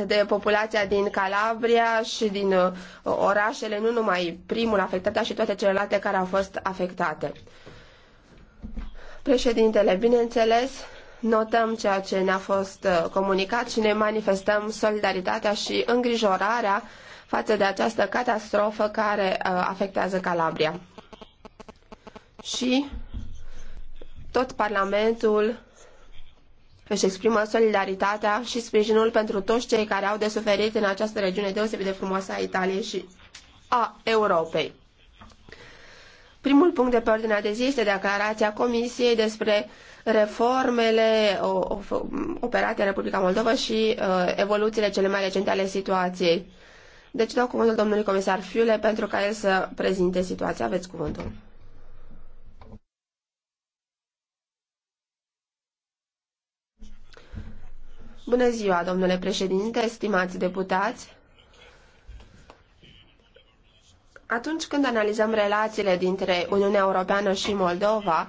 de populația din Calabria și din uh, orașele, nu numai primul afectat, dar și toate celelalte care au fost afectate. Președintele, bineînțeles, notăm ceea ce ne-a fost uh, comunicat și ne manifestăm solidaritatea și îngrijorarea față de această catastrofă care uh, afectează Calabria. Și tot Parlamentul își exprimă solidaritatea și sprijinul pentru toți cei care au de suferit în această regiune deosebit de frumoasă a Italiei și a Europei. Primul punct de pe ordinea de zi este declarația Comisiei despre reformele operate în Republica Moldova și uh, evoluțiile cele mai recente ale situației. Deci dau cuvântul domnului comisar Fiule pentru ca el să prezinte situația. Aveți cuvântul. Bună ziua, domnule președinte, stimați deputați. Atunci când analizăm relațiile dintre Uniunea Europeană și Moldova,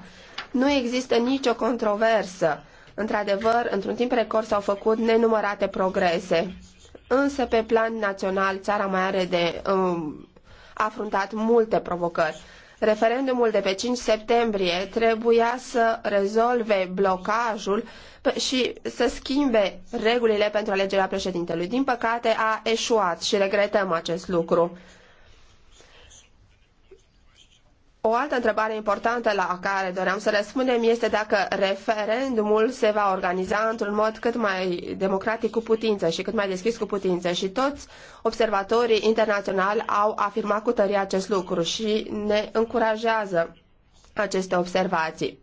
nu există nicio controversă. Într-adevăr, într-un timp record s-au făcut nenumărate progrese. Însă, pe plan național, țara mai are de um, afruntat multe provocări. Referendumul de pe 5 septembrie trebuia să rezolve blocajul și să schimbe regulile pentru alegerea președintelui. Din păcate a eșuat și regretăm acest lucru. O altă întrebare importantă la care doream să răspundem este dacă referendumul se va organiza într-un mod cât mai democratic cu putință și cât mai deschis cu putință și toți observatorii internaționali au afirmat cu tărie acest lucru și ne încurajează aceste observații.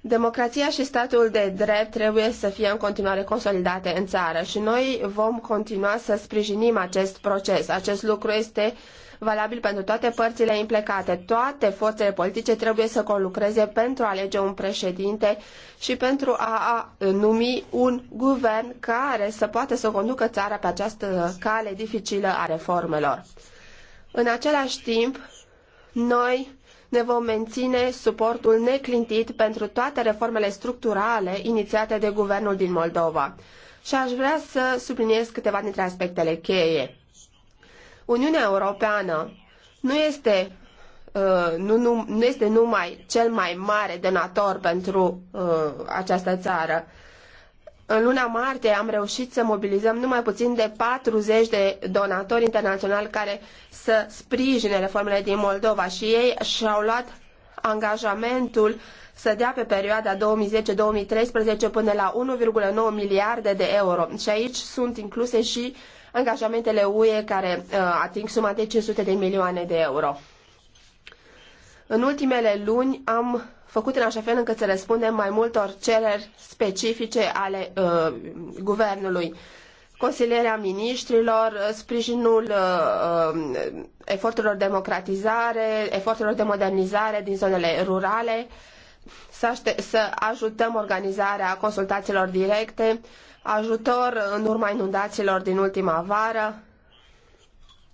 Democrația și statul de drept trebuie să fie în continuare consolidate în țară și noi vom continua să sprijinim acest proces. Acest lucru este uh, valabil pentru toate părțile implicate. Toate forțele politice trebuie să conlucreze pentru a alege un președinte și pentru a, numi un guvern care să poată să conducă țara pe această cale dificilă a reformelor. În același timp, noi ne vom menține suportul neclintit pentru toate reformele structurale inițiate de guvernul din Moldova. Și aș vrea să subliniez câteva dintre aspectele cheie. Uniunea Europeană nu este, uh, nu, nu, nu este numai cel mai mare donator pentru uh, această țară. În luna martie am reușit să mobilizăm numai puțin de 40 de donatori internaționali care să sprijine reformele din Moldova și ei și-au luat angajamentul să dea pe perioada 2010-2013 până la 1,9 miliarde de euro. Și aici sunt incluse și angajamentele UE care uh, ating suma de 500 de milioane de euro. În ultimele luni am făcut în așa fel încât să răspundem mai multor cereri specifice ale uh, guvernului. Consilierea ministrilor, uh, sprijinul uh, uh, eforturilor de democratizare, eforturilor de modernizare din zonele rurale, uh, să, să ajutăm organizarea consultațiilor directe, ajutor în urma inundațiilor din ultima vară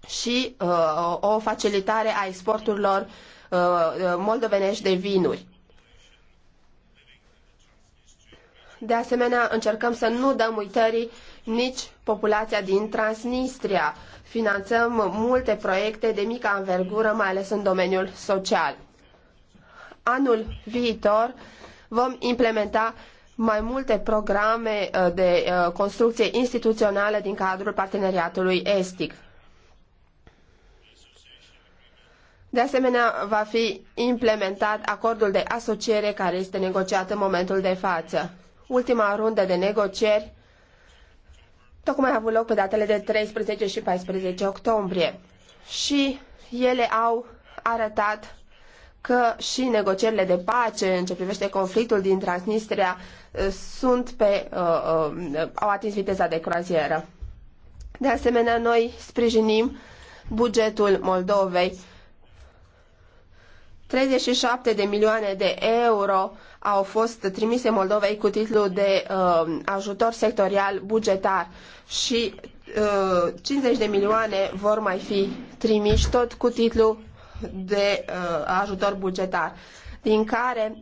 și uh, o facilitare a exporturilor uh, uh, moldovenești de vinuri. De asemenea, încercăm să nu dăm uitării nici populația din Transnistria. Finanțăm multe proiecte de mică anvergură, mai ales în domeniul social anul viitor vom implementa mai multe programe uh, de uh, construcție instituțională din cadrul parteneriatului estic. De asemenea, va fi implementat acordul de asociere care este negociat în momentul de față. Ultima rundă de negocieri tocmai a avut loc pe datele de 13 și 14 octombrie și ele au arătat că și negocierile de pace în ce privește conflictul din Transnistria uh, sunt pe, uh, uh, au atins viteza de croazieră. De asemenea, noi sprijinim bugetul Moldovei. 37 de milioane de euro au fost trimise Moldovei cu titlul de uh, ajutor sectorial bugetar și uh, 50 de milioane vor mai fi trimiși tot cu titlul de uh, ajutor bugetar, din care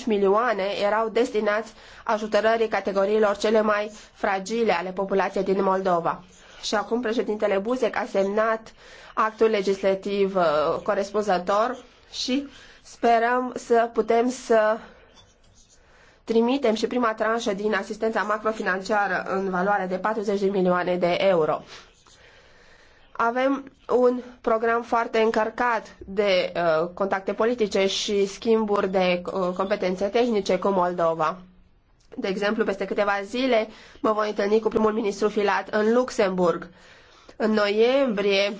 8,5 milioane erau destinați ajutorării categoriilor cele mai fragile ale populației din Moldova. Și acum președintele Buzek a semnat actul legislativ uh, corespunzător și sperăm să putem să trimitem și prima tranșă din asistența macrofinanciară în valoare de 40 de milioane de euro. Avem un program foarte încărcat de uh, contacte politice și schimburi de uh, competențe tehnice cu Moldova. De exemplu, peste câteva zile mă voi întâlni cu primul ministru Filat în Luxemburg. În noiembrie,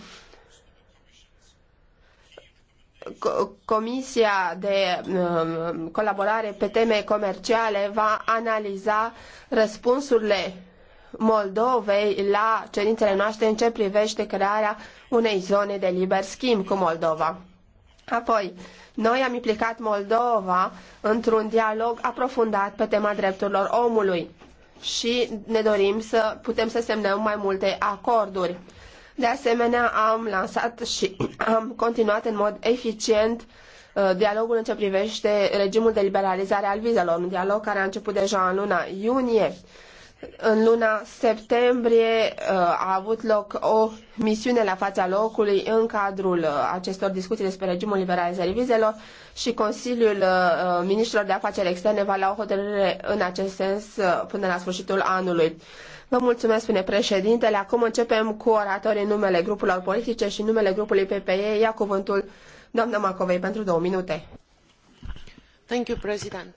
Comisia de um, colaborare pe teme comerciale va analiza răspunsurile Moldovei la cerințele noastre în ce privește crearea unei zone de liber schimb cu Moldova. Apoi, noi am implicat Moldova într-un dialog aprofundat pe tema drepturilor omului și ne dorim să putem să semnăm mai multe acorduri. De asemenea, am lansat și am continuat în mod eficient uh, dialogul în ce privește regimul de liberalizare al vizelor, un dialog care a început deja în luna iunie în luna septembrie uh, a avut loc o misiune la fața locului în cadrul uh, acestor discuții despre regimul liberalizării vizelor și Consiliul uh, Ministrilor de Afaceri Externe va lua o hotărâre în acest sens până la sfârșitul anului. Vă mulțumesc, spune președintele. Acum începem cu oratorii în numele grupurilor politice și numele grupului PPE. Ia cuvântul doamna Macovei pentru două minute. Thank you, President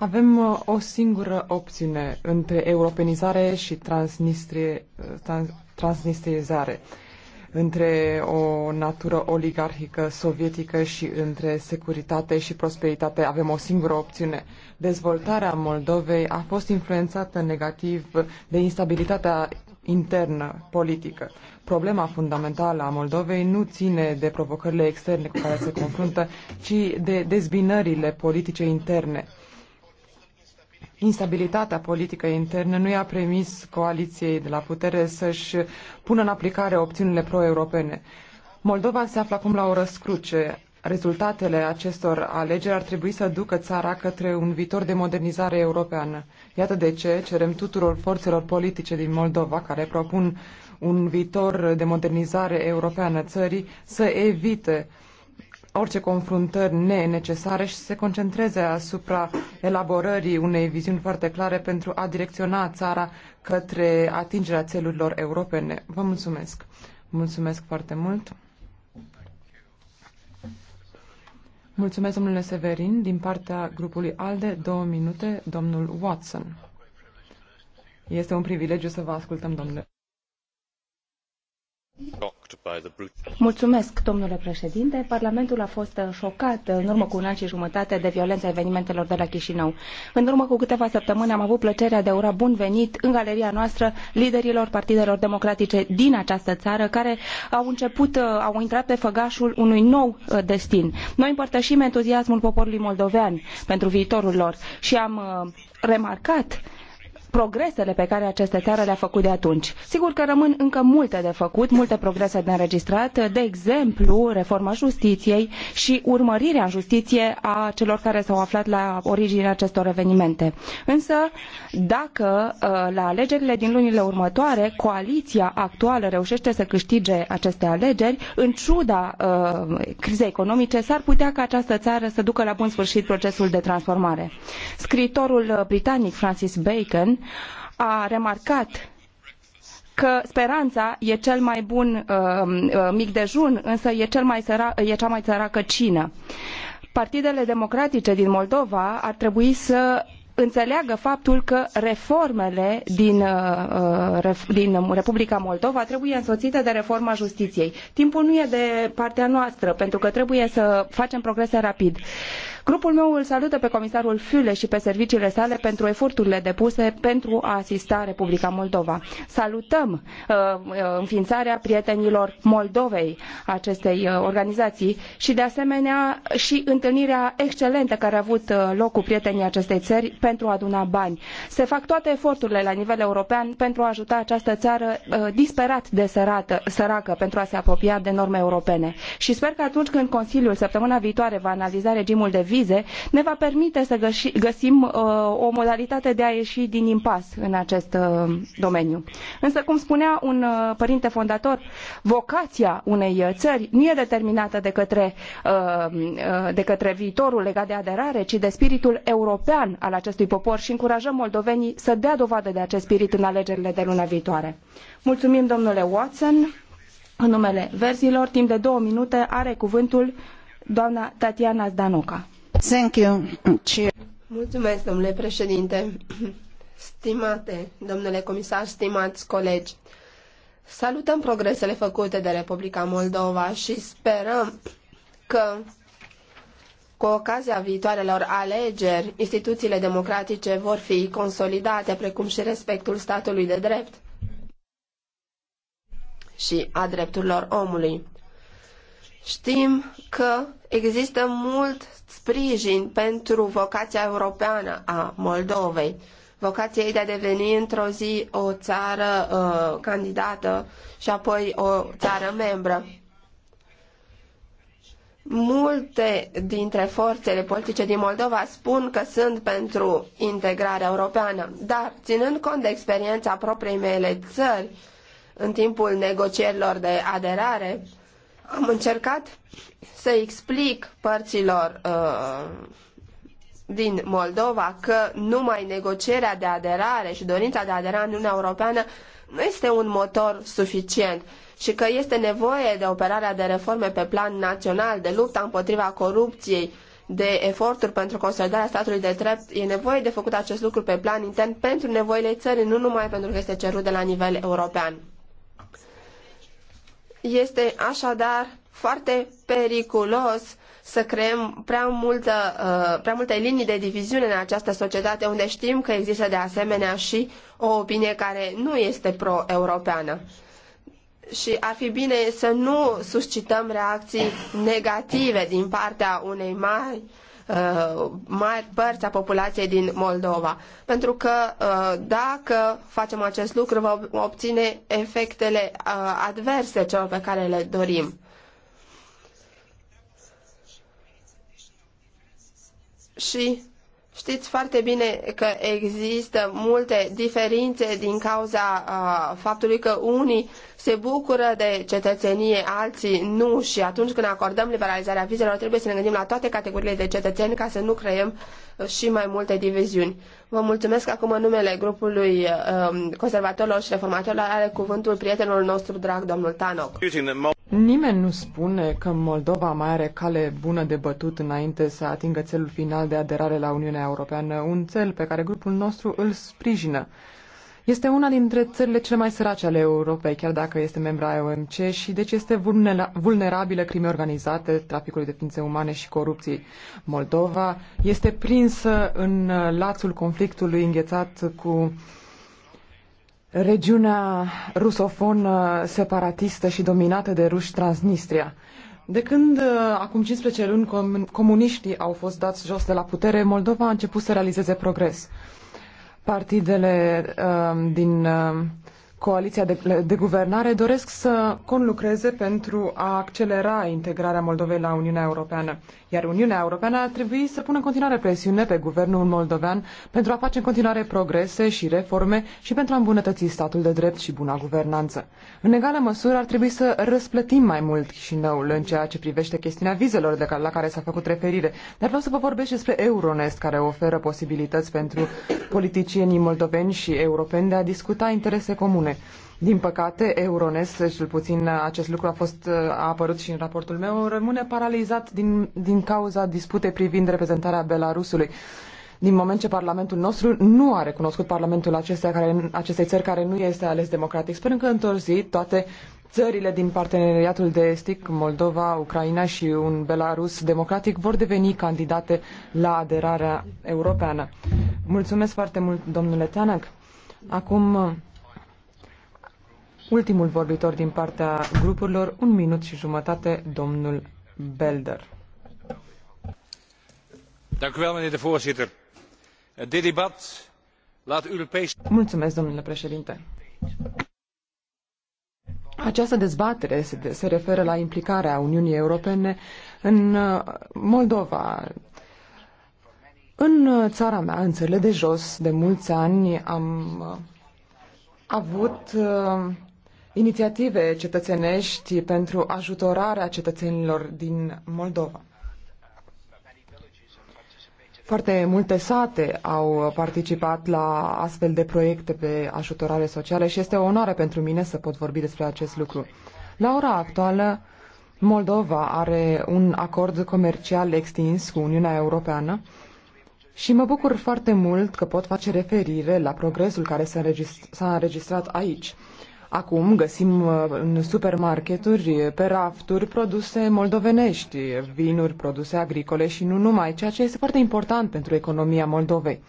Avem uh, o singură opțiune între europenizare și transnistrizare. Uh, transnistriezare, între o natură oligarhică sovietică și între securitate și prosperitate. Avem o singură opțiune. Dezvoltarea Moldovei a fost influențată negativ de instabilitatea internă politică. Problema fundamentală a Moldovei nu ține de provocările externe cu care se confruntă, ci de dezbinările politice interne Instabilitatea politică internă nu i-a permis coaliției de la putere să-și pună în aplicare opțiunile pro-europene. Moldova se află acum la o răscruce. Rezultatele acestor alegeri ar trebui să ducă țara către un viitor de modernizare europeană. Iată de ce cerem tuturor forțelor politice din Moldova care propun un viitor de modernizare europeană țării să evite uh, orice confruntări nenecesare și să se concentreze asupra elaborării unei viziuni foarte clare pentru a direcționa țara către atingerea țelurilor europene. Vă mulțumesc! Mulțumesc foarte mult! Mulțumesc, domnule Severin. Din partea grupului ALDE, două minute, domnul Watson. Este un privilegiu să vă ascultăm, domnule. Mulțumesc, președinte. Parlamentul a fost uh, șocat uh, în urmă cu un an și jumătate de violența evenimentelor de la Chișinău. În urmă cu câteva săptămâni am avut plăcerea de a ura bun venit în galeria noastră liderilor partidelor democratice din această țară care au început, uh, au intrat pe făgașul unui nou destin. Noi împărtășim entuziasmul poporului moldovean pentru viitorul lor și am remarcat progresele pe care aceste țară le-a făcut de atunci. Sigur că rămân încă multe de făcut, multe progrese de înregistrat, de exemplu reforma justiției și urmărirea în justiție a celor care s-au aflat la originea acestor evenimente. Însă, dacă uh, la alegerile din lunile următoare coaliția actuală reușește să câștige aceste alegeri, în ciuda uh, crizei economice, s-ar putea ca această țară să ducă la bun sfârșit procesul de transformare. Scriitorul uh, britanic Francis Bacon a remarcat că speranța e cel mai bun uh, uh, mic dejun, însă e, cel mai săra, e cea mai săracă cină. Partidele democratice din Moldova ar trebui să înțeleagă faptul că reformele din, uh, uh, din Republica Moldova trebuie însoțite de reforma justiției. Timpul nu e de partea noastră, pentru că trebuie să facem progrese rapid. Grupul meu îl salută pe comisarul Füle și pe serviciile sale pentru eforturile depuse pentru a asista Republica Moldova. Salutăm uh, uh, înființarea prietenilor Moldovei acestei uh, organizații și de asemenea și întâlnirea excelentă care a avut uh, loc cu prietenii acestei țări pentru a aduna bani. Se fac toate eforturile la nivel european pentru a ajuta această țară uh, disperat de sărată, săracă pentru a se apropia de norme europene. Și sper că atunci când Consiliul săptămâna viitoare va analiza regimul de vize, vize ne va permite să găsim uh, o modalitate de a ieși din impas în acest uh, domeniu. Însă, cum spunea un uh, părinte fondator, vocația unei țări nu e determinată de către, de către viitorul legat de aderare, ci de spiritul european al acestui popor și încurajăm moldovenii să dea dovadă de acest spirit în alegerile de luna viitoare. Mulțumim, domnule Watson. În numele verzilor, timp de două minute, are cuvântul doamna Tatiana Zdanoca. Mulțumesc, domnule președinte. Stimate, domnule comisar, stimați colegi, salutăm progresele făcute de Republica Moldova și sperăm că cu ocazia viitoarelor alegeri, instituțiile democratice vor fi consolidate, precum și respectul statului de drept și a drepturilor omului. Știm că există mult sprijin pentru vocația europeană a Moldovei, vocația ei de a deveni într-o zi o țară uh, candidată și apoi o țară membră. Multe dintre forțele politice din Moldova spun că sunt pentru integrarea europeană, dar ținând cont de experiența propriei mele țări în timpul negocierilor de aderare, am încercat să explic părților uh, din Moldova că numai negocierea de aderare și dorința de a adera în Uniunea Europeană nu este un motor suficient și că este nevoie de operarea de reforme pe plan național, de lupta împotriva corupției, de eforturi pentru consolidarea statului de drept, e nevoie de făcut acest lucru pe plan intern pentru nevoile țării, nu numai pentru că este cerut de la nivel european. Este așadar foarte periculos să creăm prea, multă, uh, prea multe linii de diviziune în această societate unde știm că există de asemenea și o opinie care nu este pro-europeană. Și ar fi bine să nu suscităm reacții negative din partea unei mari Uh, mari părți a populației din Moldova. Pentru că uh, dacă facem acest lucru, vom obține efectele uh, adverse celor pe care le dorim. Și Știți foarte bine că există multe diferențe din cauza uh, faptului că unii se bucură de cetățenie, alții nu și atunci când acordăm liberalizarea vizelor trebuie să ne gândim la toate categoriile de cetățeni ca să nu creăm uh, și mai multe diviziuni. Vă mulțumesc acum în numele grupului um, conservatorilor și reformatorilor are cuvântul prietenul nostru drag, domnul Tanoc. Nimeni nu spune că Moldova mai are cale bună de bătut înainte să atingă țelul final de aderare la Uniunea Europeană, un țel pe care grupul nostru îl sprijină. Este una dintre țările cele mai sărace ale Europei, chiar dacă este membra OMC și deci este vulnerabilă crime organizate, traficului de ființe umane și corupției. Moldova este prinsă în uh, lațul conflictului înghețat cu regiunea rusofonă separatistă și dominată de ruși Transnistria. De când, uh, acum 15 luni, comuniștii au fost dați jos de la putere, Moldova a început să realizeze progres partidele uh, din uh, coaliția de, de guvernare doresc să conlucreze pentru a accelera integrarea Moldovei la Uniunea Europeană. Iar Uniunea Europeană ar trebui să pună în continuare presiune pe guvernul moldovean pentru a face în continuare progrese și reforme și pentru a îmbunătăți statul de drept și buna guvernanță. În egală măsură ar trebui să răsplătim mai mult noul în ceea ce privește chestiunea vizelor de care, la care s-a făcut referire. Dar vreau să vă vorbesc despre Euronest, care oferă posibilități pentru politicienii moldoveni și europeni de a discuta interese comune interne. Din păcate, Euronest, cel puțin acest lucru a fost a apărut și în raportul meu, rămâne paralizat din, din cauza disputei privind reprezentarea Belarusului. Din moment ce Parlamentul nostru nu a recunoscut Parlamentul acestea care, acestei țări care nu este ales democratic, sperăm că într-o zi toate țările din parteneriatul de estic, Moldova, Ucraina și un Belarus democratic, vor deveni candidate la aderarea europeană. Mulțumesc foarte mult, domnule Tanag. Acum Ultimul vorbitor din partea grupurilor, un minut și jumătate, domnul Belder. Mulțumesc, domnule președinte. Această dezbatere se, referă la implicarea Uniunii Europene în uh, Moldova. În uh, țara mea, în țările de jos, de mulți ani am uh, avut inițiative cetățenești pentru ajutorarea cetățenilor din Moldova. Foarte multe sate au participat la astfel de proiecte de ajutorare socială și este o onoare pentru mine să pot vorbi despre acest lucru. La ora actuală, Moldova are un acord comercial extins cu Uniunea Europeană și mă bucur foarte mult că pot face referire la progresul care s-a înregistrat aici. Acum găsim uh, în supermarketuri, uh, pe rafturi, produse moldovenești, uh, vinuri, produse agricole și nu numai, ceea ce este foarte important pentru economia Moldovei.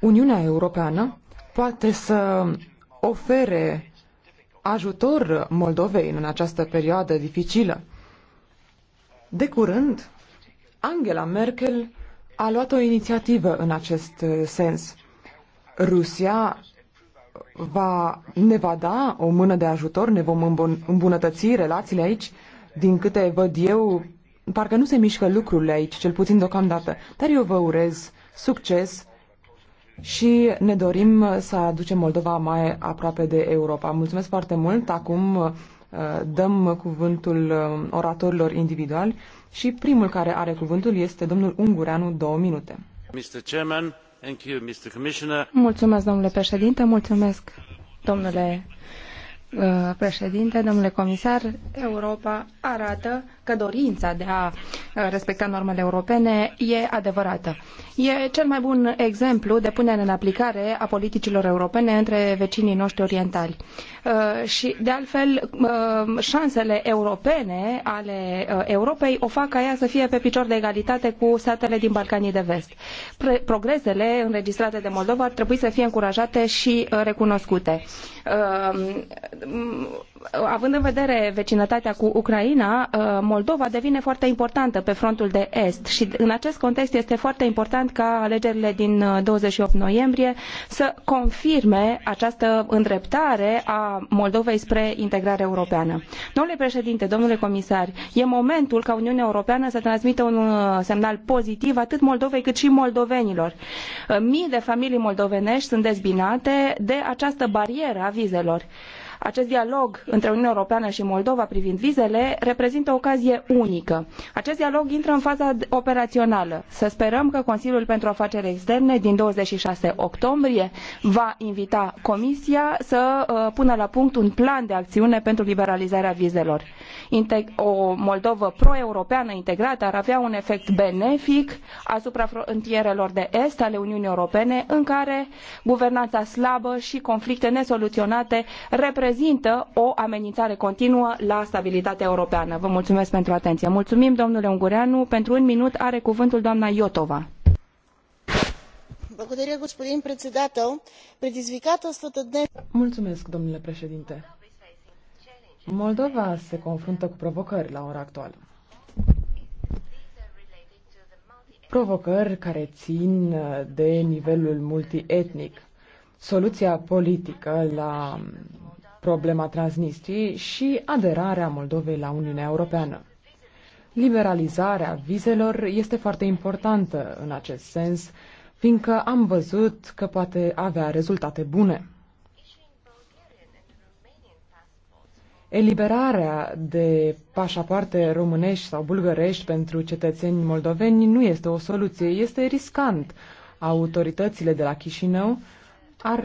Uniunea Europeană poate să ofere ajutor Moldovei în această perioadă dificilă. De curând, Angela Merkel a luat o inițiativă în acest sens Rusia va, ne va da o mână de ajutor, ne vom îmbun îmbunătăți relațiile aici. Din câte văd eu, parcă nu se mișcă lucrurile aici, cel puțin deocamdată. Dar eu vă urez succes și ne dorim să aducem Moldova mai aproape de Europa. Mulțumesc foarte mult. Acum uh, dăm cuvântul uh, oratorilor individuali și primul care are cuvântul este domnul Ungureanu, două minute. Mr. Chairman, Mulțumesc, domnule președinte, mulțumesc, domnule uh, președinte, domnule comisar. Europa arată că dorința de a uh, respecta normele europene e adevărată. E cel mai bun exemplu de punere în aplicare a politicilor europene între vecinii noștri orientali. Uh, și, de altfel, uh, șansele europene ale Europei o fac ca ea să fie pe picior de egalitate cu statele din Balcanii de Vest. Progresele înregistrate de Moldova ar trebui să fie încurajate și recunoscute având în vedere vecinătatea cu Ucraina, uh, Moldova devine foarte importantă pe frontul de est și în acest context este foarte important ca alegerile din 28 uh, noiembrie să confirme această îndreptare a Moldovei spre integrare europeană. Domnule președinte, domnule comisar, e momentul ca Uniunea Europeană să transmită un uh, semnal pozitiv atât Moldovei cât și moldovenilor. Mii de familii moldovenești sunt dezbinate de această barieră a vizelor. Acest dialog între Uniunea Europeană și Moldova privind vizele reprezintă o ocazie unică. Acest dialog intră în faza operațională. Să sperăm că Consiliul pentru Afaceri Externe din 26 octombrie va invita Comisia să uh, pună la punct un plan de acțiune pentru liberalizarea vizelor. O Moldovă pro-europeană integrată ar avea un efect benefic asupra frontierelor de est ale Uniunii Europene, în care guvernanța slabă și conflicte nesoluționate reprezintă reprezintă o amenințare continuă la stabilitatea europeană. Vă mulțumesc pentru atenție. Mulțumim, domnule Ungureanu. Pentru un minut are cuvântul doamna Iotova. Mulțumesc, domnule președinte. Moldova se confruntă cu provocări la ora actuală. Provocări care țin de nivelul multietnic. Soluția politică la problema Transnistriei și aderarea Moldovei la Uniunea Europeană. Liberalizarea vizelor este foarte importantă în acest sens, fiindcă am văzut că poate avea rezultate bune. Eliberarea de pașapoarte românești sau bulgărești pentru cetățeni moldoveni nu este o soluție, este riscant. Autoritățile de la Chișinău ar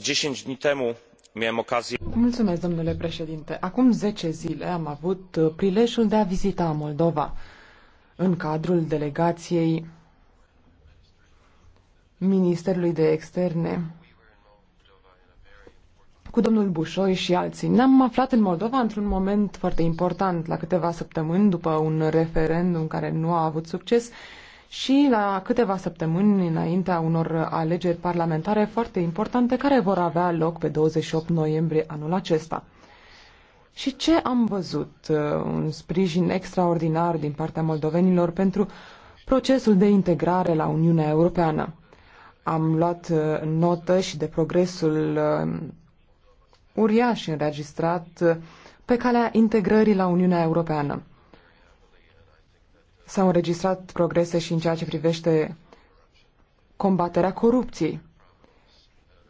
dziesięć dni temu miałem okazję. acum zece zile am avut prilejul de a vizita moldova în cadrul delegației ministerului de externe cu domnul Bușoi și alții. Ne-am aflat în Moldova într-un moment foarte important, la câteva săptămâni după un referendum care nu a avut succes și la câteva săptămâni înaintea unor alegeri parlamentare foarte importante care vor avea loc pe 28 noiembrie anul acesta. Și ce am văzut? Uh, un sprijin extraordinar din partea moldovenilor pentru procesul de integrare la Uniunea Europeană. Am luat uh, notă și de progresul uh, uriaș înregistrat pe calea integrării la Uniunea Europeană. S-au înregistrat progrese și în ceea ce privește combaterea corupției.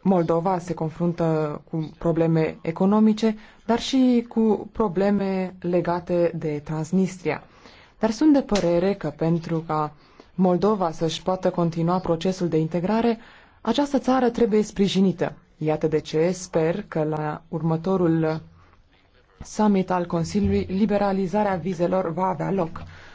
Moldova se confruntă cu probleme economice, dar și cu probleme legate de Transnistria. Dar sunt de părere că pentru ca Moldova să-și poată continua procesul de integrare, această țară trebuie sprijinită. Iată de ce sper că la următorul summit al Consiliului liberalizarea vizelor va avea loc.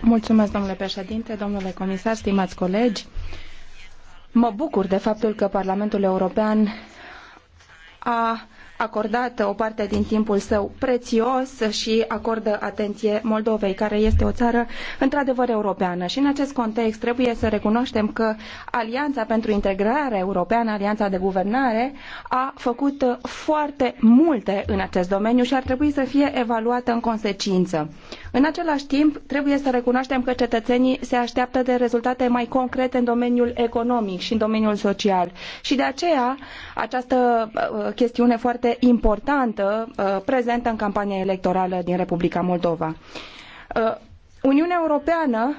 Mulțumesc, domnule președinte, domnule comisar, colegi. Mă bucur de faptul că Parlamentul European a acordat o parte din timpul său prețios și acordă atenție Moldovei, care este o țară într-adevăr europeană. Și în acest context trebuie să recunoaștem că Alianța pentru Integrare Europeană, Alianța de Guvernare, a făcut foarte multe în acest domeniu și ar trebui să fie evaluată în consecință. În același timp, trebuie să recunoaștem că cetățenii se așteaptă de rezultate mai concrete în domeniul economic și în domeniul social. Și de aceea, această uh, chestiune foarte foarte importantă uh, prezentă în campania electorală din Republica Moldova. Uh, Uniunea Europeană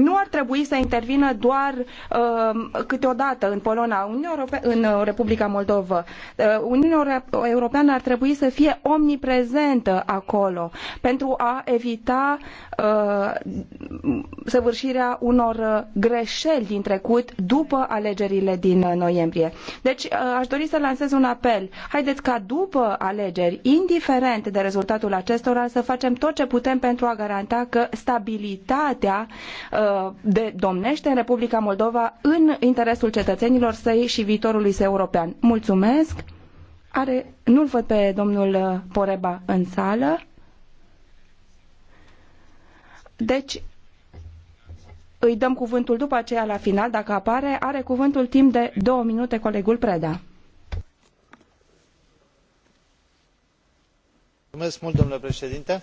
nu ar trebui să intervină doar uh, câteodată în Polona, Europe- în uh, Republica Moldova. Uh, Uniunea Europeană ar trebui să fie omniprezentă acolo pentru a evita uh, săvârșirea unor uh, greșeli din trecut după alegerile din uh, noiembrie. Deci uh, aș dori să lansez un apel. Haideți ca după alegeri, indiferent de rezultatul acestora, să facem tot ce putem pentru a garanta că stabilitatea uh, Uh, de domnește în Republica Moldova în interesul cetățenilor săi și viitorului său european. Mulțumesc! Are, nu-l văd pe domnul uh, Poreba în sală. Deci, îi dăm cuvântul după aceea la final, dacă apare, are cuvântul timp de două minute colegul Preda. Mulțumesc mult, domnule președinte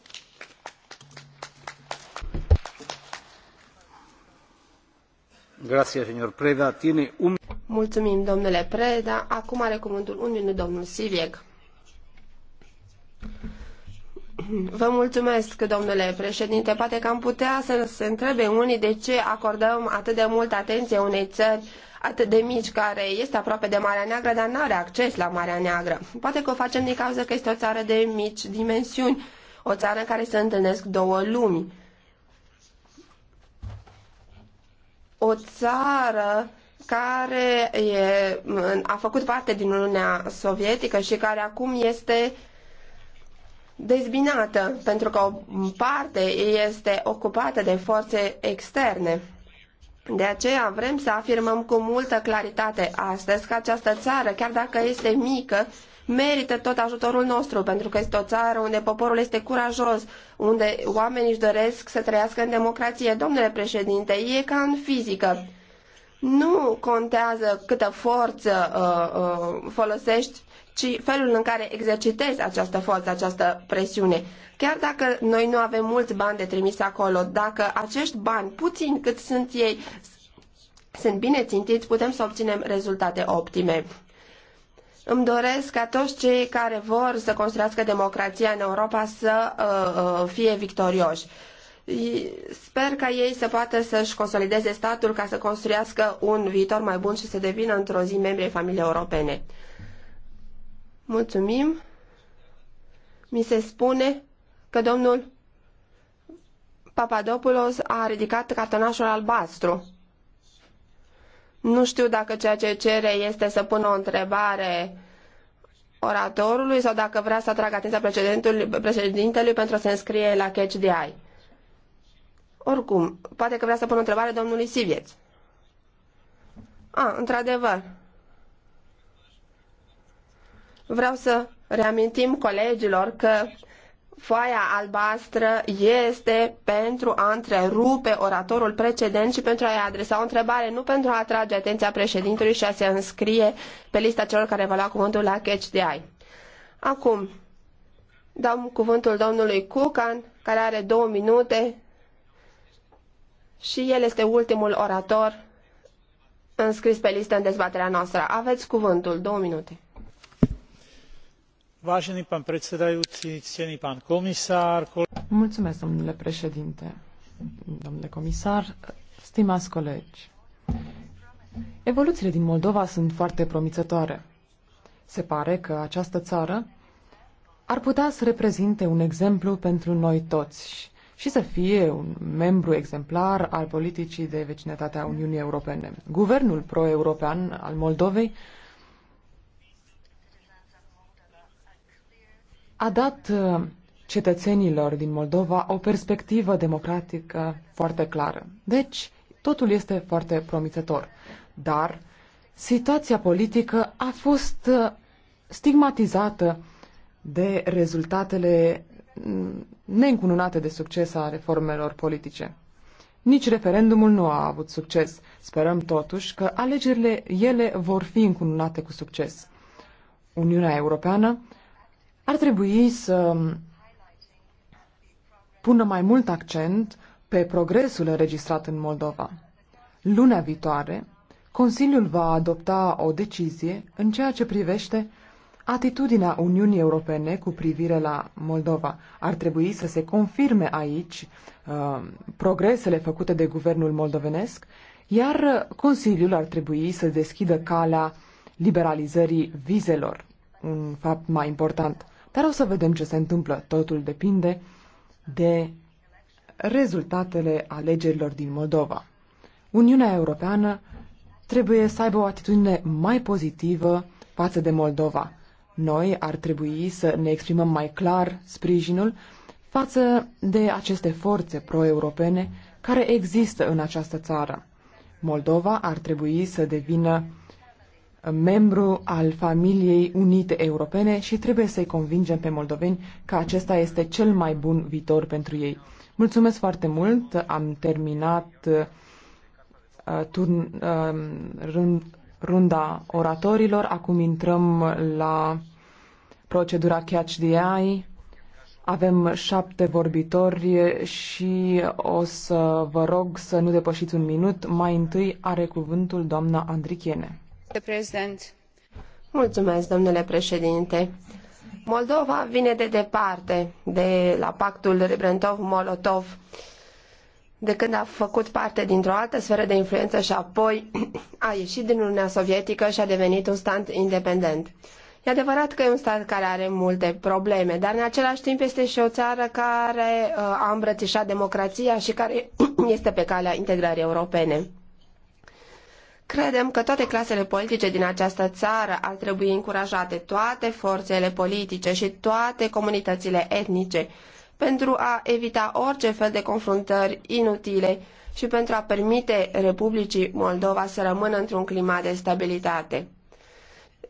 Mulțumim, domnule Preda. Acum are cuvântul un minut domnul Silieg. Vă mulțumesc, domnule președinte. Poate că am putea să se întrebe unii de ce acordăm atât de multă atenție unei țări atât de mici care este aproape de Marea Neagră, dar nu are acces la Marea Neagră. Poate că o facem din cauza că este o țară de mici dimensiuni, o țară în care se întâlnesc două lumi. o țară care e, a făcut parte din Uniunea Sovietică și care acum este dezbinată, pentru că o parte este ocupată de forțe externe. De aceea vrem să afirmăm cu multă claritate astăzi că această țară, chiar dacă este mică, merită tot ajutorul nostru, pentru că este o țară unde poporul este curajos, unde oamenii își doresc să trăiască în democrație. Domnule președinte, e ca în fizică. Nu contează câtă forță uh, uh, folosești ci felul în care exercitezi această forță, această presiune. Chiar dacă noi nu avem mulți bani de trimis acolo, dacă acești bani, puțin cât sunt ei, sunt bine țintiți, putem să obținem rezultate optime. Îmi doresc ca toți cei care vor să construiască democrația în Europa să uh, uh fie victorioși. Sper ca ei să poată să-și consolideze statul ca să construiască un viitor mai bun și să devină într-o zi membri familiei europene. Mulțumim. Mi se spune că domnul Papadopoulos a ridicat cartonașul albastru. Nu știu dacă ceea ce cere este să pună o întrebare oratorului sau dacă vrea să atragă atenția președintelui pentru a se înscrie la catch de ai. Oricum, poate că vrea să pună o întrebare domnului Sivieț. A, ah, într-adevăr, Vreau să reamintim colegilor că foaia albastră este pentru a întrerupe oratorul precedent și pentru a-i adresa o întrebare, nu pentru a atrage atenția președintelui și a se înscrie pe lista celor care va lua cuvântul la Catch the Eye. Acum, dau cuvântul domnului Cucan, care are două minute și el este ultimul orator înscris pe listă în dezbaterea noastră. Aveți cuvântul, două minute. Vážený pán predsedajúci, cený pán komisár. Mulțumesc, domnule președinte, domnule comisar, stimați colegi. Evoluțiile din Moldova sunt foarte promițătoare. Se pare că această țară ar putea să reprezinte un exemplu pentru noi toți și să fie un membru exemplar al politicii de vecinătate a Uniunii Europene. Guvernul pro-european al Moldovei a dat uh, cetățenilor din Moldova o perspectivă democratică foarte clară. Deci, totul este foarte promițător. Dar situația politică a fost uh, stigmatizată de rezultatele mm, neîncununate de succes a reformelor politice. Nici referendumul nu a avut succes. Sperăm totuși că alegerile ele vor fi încununate cu succes. Uniunea Europeană ar trebui să pună mai mult accent pe progresul înregistrat în Moldova. Luna viitoare, Consiliul va adopta o decizie în ceea ce privește atitudinea Uniunii Europene cu privire la Moldova. Ar trebui să se confirme aici uh, progresele făcute de guvernul moldovenesc, iar Consiliul ar trebui să deschidă calea liberalizării vizelor, un fapt mai important. Dar o să vedem ce se întâmplă. Totul depinde de rezultatele alegerilor din Moldova. Uniunea Europeană trebuie să aibă o atitudine mai pozitivă față de Moldova. Noi ar trebui să ne exprimăm mai clar sprijinul față de aceste forțe pro-europene care există în această țară. Moldova ar trebui să devină membru al familiei unite europene și trebuie să-i convingem pe moldoveni că acesta este cel mai bun viitor pentru ei. Mulțumesc foarte mult, am terminat uh, turn, uh, rând, runda oratorilor, acum intrăm la procedura Catch the Eye. Avem șapte vorbitori și o să vă rog să nu depășiți un minut. Mai întâi are cuvântul doamna Andrichiene. Mulțumesc, președinte. Moldova vine de departe de la pactul Ribbentrop-Molotov de când a făcut parte dintr-o altă sferă de influență și apoi a ieșit din Uniunea Sovietică și a devenit un stat independent. E adevărat că e un stat care are multe probleme, dar în același timp este și o țară care uh, a îmbrățișat democrația și care este pe calea integrării europene. Credem că toate clasele politice din această țară ar trebui încurajate, toate forțele politice și toate comunitățile etnice, pentru a evita orice fel de confruntări inutile și pentru a permite Republicii Moldova să rămână într-un climat de stabilitate.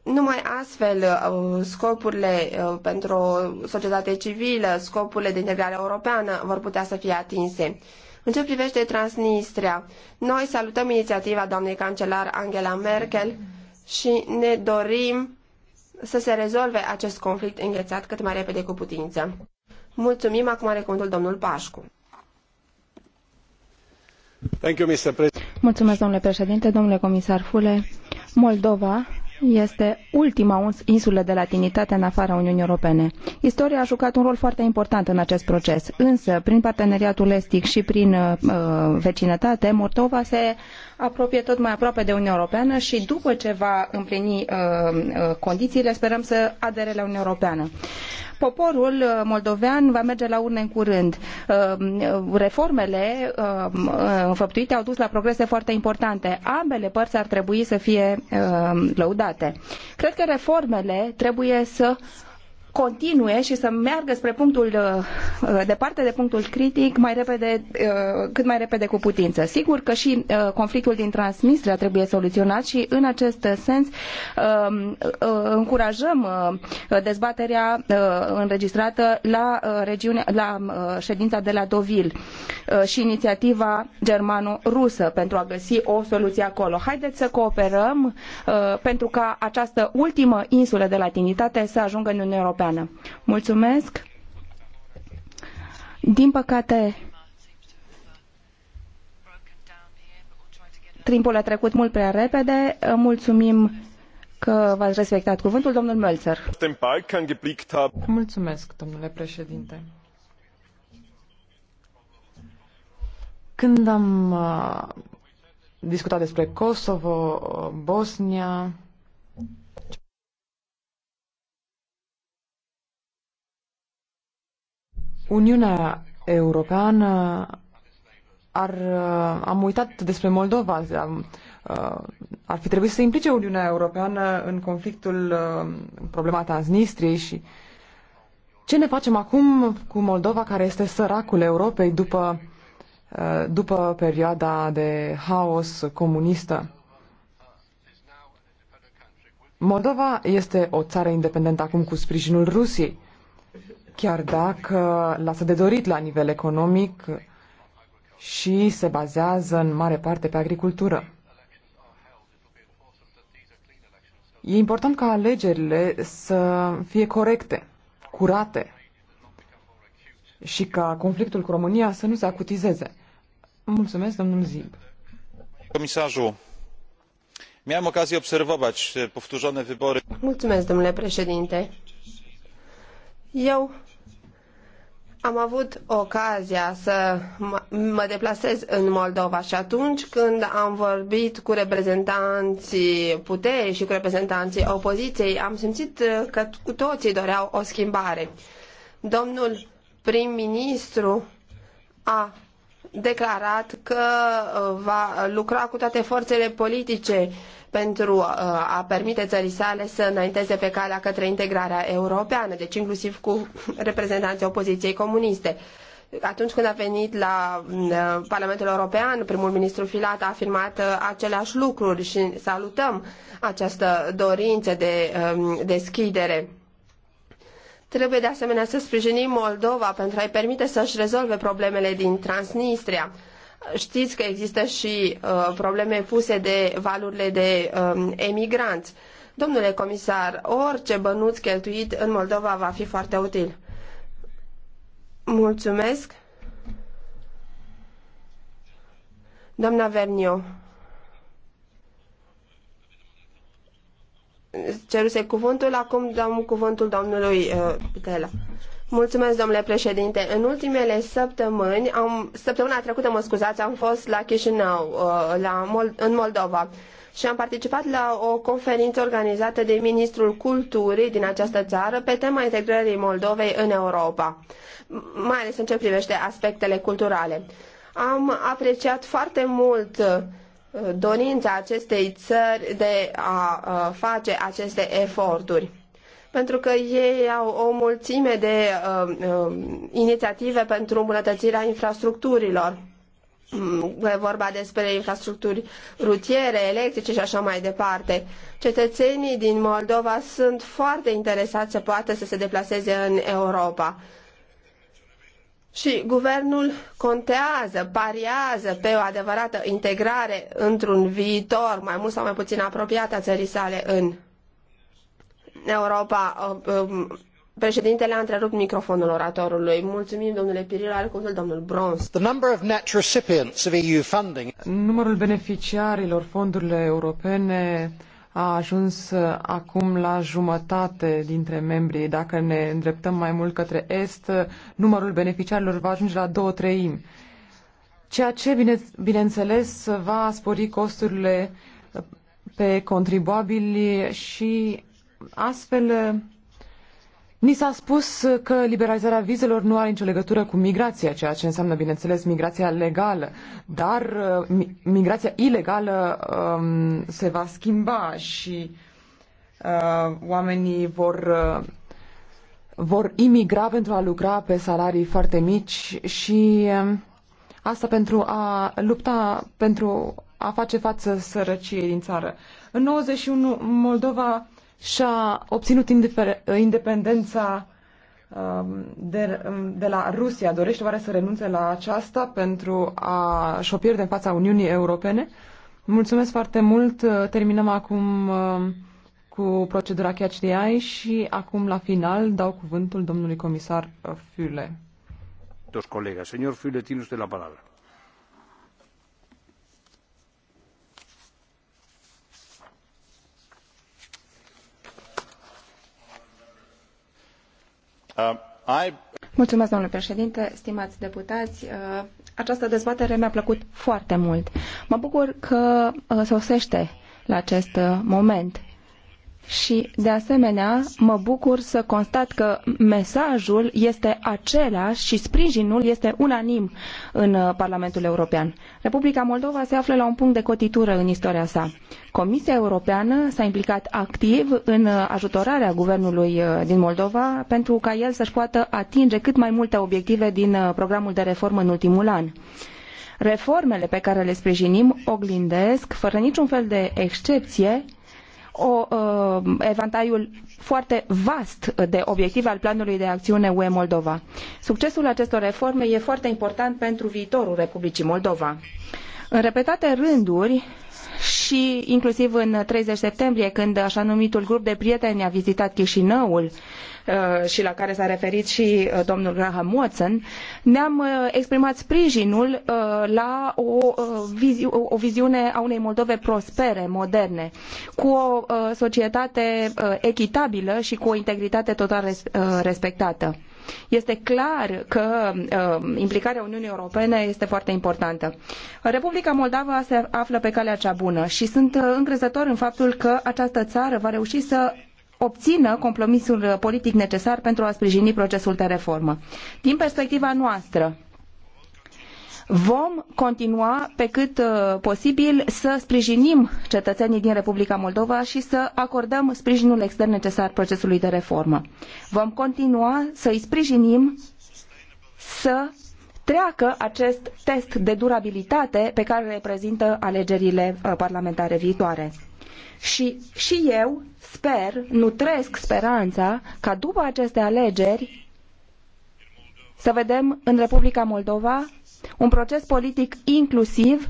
Numai astfel, uh, scopurile uh, pentru societate civilă, scopurile de integrare europeană vor putea să fie atinse. În ce privește Transnistria, noi salutăm inițiativa doamnei cancelar Angela Merkel și ne dorim să se rezolve acest conflict înghețat cât mai repede cu putință. Mulțumim, acum are cuvântul domnul Pașcu. Mulțumesc, domnule președinte, domnule comisar Fule. Moldova este ultima insulă de latinitate în afara Uniunii Europene. Istoria a jucat un rol foarte important în acest proces, însă prin parteneriatul estic și prin uh, vecinătate, Mortova se apropie tot mai aproape de Uniunea Europeană și după ce va împlini uh, uh condițiile, sperăm să adere la Uniunea Europeană. Poporul uh, moldovean va merge la urne în curând. Uh, reformele uh, înfăptuite au dus la progrese foarte importante. Ambele părți ar trebui să fie lăudate. Cred că reformele trebuie să continue și să meargă spre punctul uh, uh, departe de punctul critic mai repede, uh, cât mai repede cu putință. Sigur că și conflictul din Transnistria trebuie soluționat și în acest sens um, încurajăm dezbaterea înregistrată la regiune, la ședința de la Deauville și inițiativa germano-rusă pentru a găsi o soluție acolo. Haideți să cooperăm pentru ca această ultimă insulă de latinitate să ajungă în Uniunea Europeană Europeană. Mulțumesc! Din păcate, timpul a trecut mult prea repede. Mulțumim că v-ați respectat cuvântul, domnul Mölzer. Mulțumesc, domnule președinte. Când am uh, discutat despre Kosovo, Bosnia, Uniunea Europeană ar, uh, am uitat despre Moldova, am, uh, ar fi trebuit să se implice Uniunea Europeană în conflictul, uh, în problema Transnistriei și ce ne facem acum cu Moldova, care este săracul Europei după, după perioada de haos comunistă? Moldova este o țară independentă acum cu sprijinul Rusiei chiar dacă lasă de dorit la nivel economic și se bazează în mare parte pe agricultură. E important ca alegerile să fie corecte, curate și ca conflictul cu România să nu se acutizeze. Mulțumesc, domnul Zib. Comisarul, mi-am miałem okazję obserwować powtórzone vibore. Mulțumesc, domnule președinte. Eu am avut ocazia să mă deplasez în Moldova și atunci când am vorbit cu reprezentanții puterii și cu reprezentanții opoziției, am simțit că cu toții doreau o schimbare. Domnul prim-ministru a declarat că uh, va lucra cu toate forțele politice pentru uh, a permite țării sale să înainteze pe calea către integrarea europeană, deci inclusiv cu reprezentanții opoziției comuniste. Atunci când a venit la uh, Parlamentul European, primul ministru Filat a afirmat aceleași lucruri și salutăm această dorință de um, deschidere Trebuie de asemenea să sprijinim Moldova pentru a-i permite să-și rezolve problemele din Transnistria. Știți că există și uh, probleme puse de valurile de um, emigranți. Domnule comisar, orice bănuț cheltuit în Moldova va fi foarte util. Mulțumesc. Doamna Vernio. ceruse cuvântul, acum dăm cuvântul domnului uh, Pitela. Mulțumesc, domnule președinte. În ultimele săptămâni, am, săptămâna trecută, mă scuzați, am fost la Chișinău, uh, la Mol- în Moldova și am participat la o conferință organizată de ministrul culturii din această țară pe tema integrării Moldovei în Europa, mai ales în ce privește aspectele culturale. Am apreciat foarte mult uh, dorința acestei țări de a face aceste eforturi. Pentru că ei au o mulțime de inițiative pentru îmbunătățirea infrastructurilor. Mm, e vorba despre infrastructuri rutiere, electrice și așa mai departe. Cetățenii din Moldova sunt foarte interesați să poată să se deplaseze în Europa și guvernul contează, pariază pe o adevărată integrare într-un viitor mai mult sau mai puțin apropiat a țării sale în Europa. Um, președintele a întrerupt microfonul oratorului. Mulțumim, domnule Pirilo, are cuvântul domnul Brons. Numărul beneficiarilor fondurilor europene a ajuns uh, acum la jumătate dintre membrii. Dacă ne îndreptăm mai mult către est, uh, numărul beneficiarilor va ajunge la două treimi. Ceea ce, bine, bineînțeles, va spori costurile pe contribuabili și astfel uh, Ni s-a spus că liberalizarea vizelor nu are nicio legătură cu migrația, ceea ce înseamnă, bineînțeles, migrația legală. Dar uh, migrația ilegală um, se va schimba și uh, oamenii vor, uh, vor imigra pentru a lucra pe salarii foarte mici și uh, asta pentru a lupta pentru a face față sărăciei din țară. În 91 Moldova și-a obținut independența um, de, um, de la Rusia. Dorește oare să renunțe la aceasta pentru a și-o pierde în fața Uniunii Europene? Mulțumesc foarte mult. Terminăm acum um, cu procedura Catch the Eye și acum la final dau cuvântul domnului comisar uh, Füle. Dos colegas. Señor Füle, tiene usted la palabra. Um, Mulțumesc, domnule președinte, deputați. Uh, această dezbatere mi-a plăcut foarte mult. Mă bucur că uh, sosește la acest uh, moment și, de asemenea, mă bucur să constat că mesajul este același și sprijinul este unanim în uh, Parlamentul European. Republica Moldova se află la un punct de cotitură în istoria sa. Comisia Europeană s-a implicat activ în uh, ajutorarea guvernului uh, din Moldova pentru ca el să-și poată atinge cât mai multe obiective din programul de reformă în ultimul an. Reformele pe care le sprijinim oglindesc, fără niciun fel de excepție, o, uh, evantaiul foarte vast de obiective al planului de acțiune UE Moldova. Succesul acestor reforme e foarte important pentru viitorul Republicii Moldova. În repetate rânduri, și inclusiv în 30 septembrie, când așa numitul grup de prieteni a vizitat Chișinăul uh, și la care s-a referit și uh, domnul Graham Watson, ne-am uh, exprimat sprijinul la o, vizi- o viziune a unei Moldove prospere, moderne, cu o societate echitabilă și cu o integritate total respectată. Este clar că uh, implicarea Uniunii Europene este foarte importantă. Republica Moldova se află pe calea cea bună și sunt uh, încrezător în faptul că această țară va reuși să obțină compromisul politic necesar pentru a sprijini procesul de reformă. Din perspectiva noastră, Vom continua pe cât uh, posibil să sprijinim cetățenii din Republica Moldova și să acordăm sprijinul extern necesar procesului de reformă. Vom continua să îi sprijinim să treacă acest test de durabilitate pe care îl reprezintă alegerile uh, parlamentare viitoare. Și, și eu sper, nutresc speranța ca după aceste alegeri să vedem în Republica Moldova un proces politic inclusiv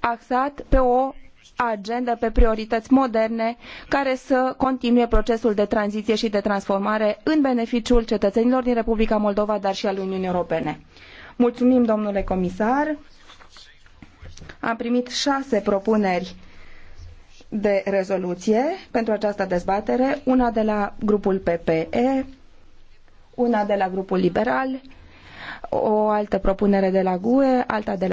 axat pe o agendă pe priorități moderne care să continue procesul de tranziție și de transformare în beneficiul cetățenilor din Republica Moldova, dar și al Uniunii Europene. Mulțumim, domnule comisar. Am primit șase propuneri de rezoluție pentru această dezbatere, una de la grupul PPE, una de la grupul liberal, o altă propunere de la GUE, alta de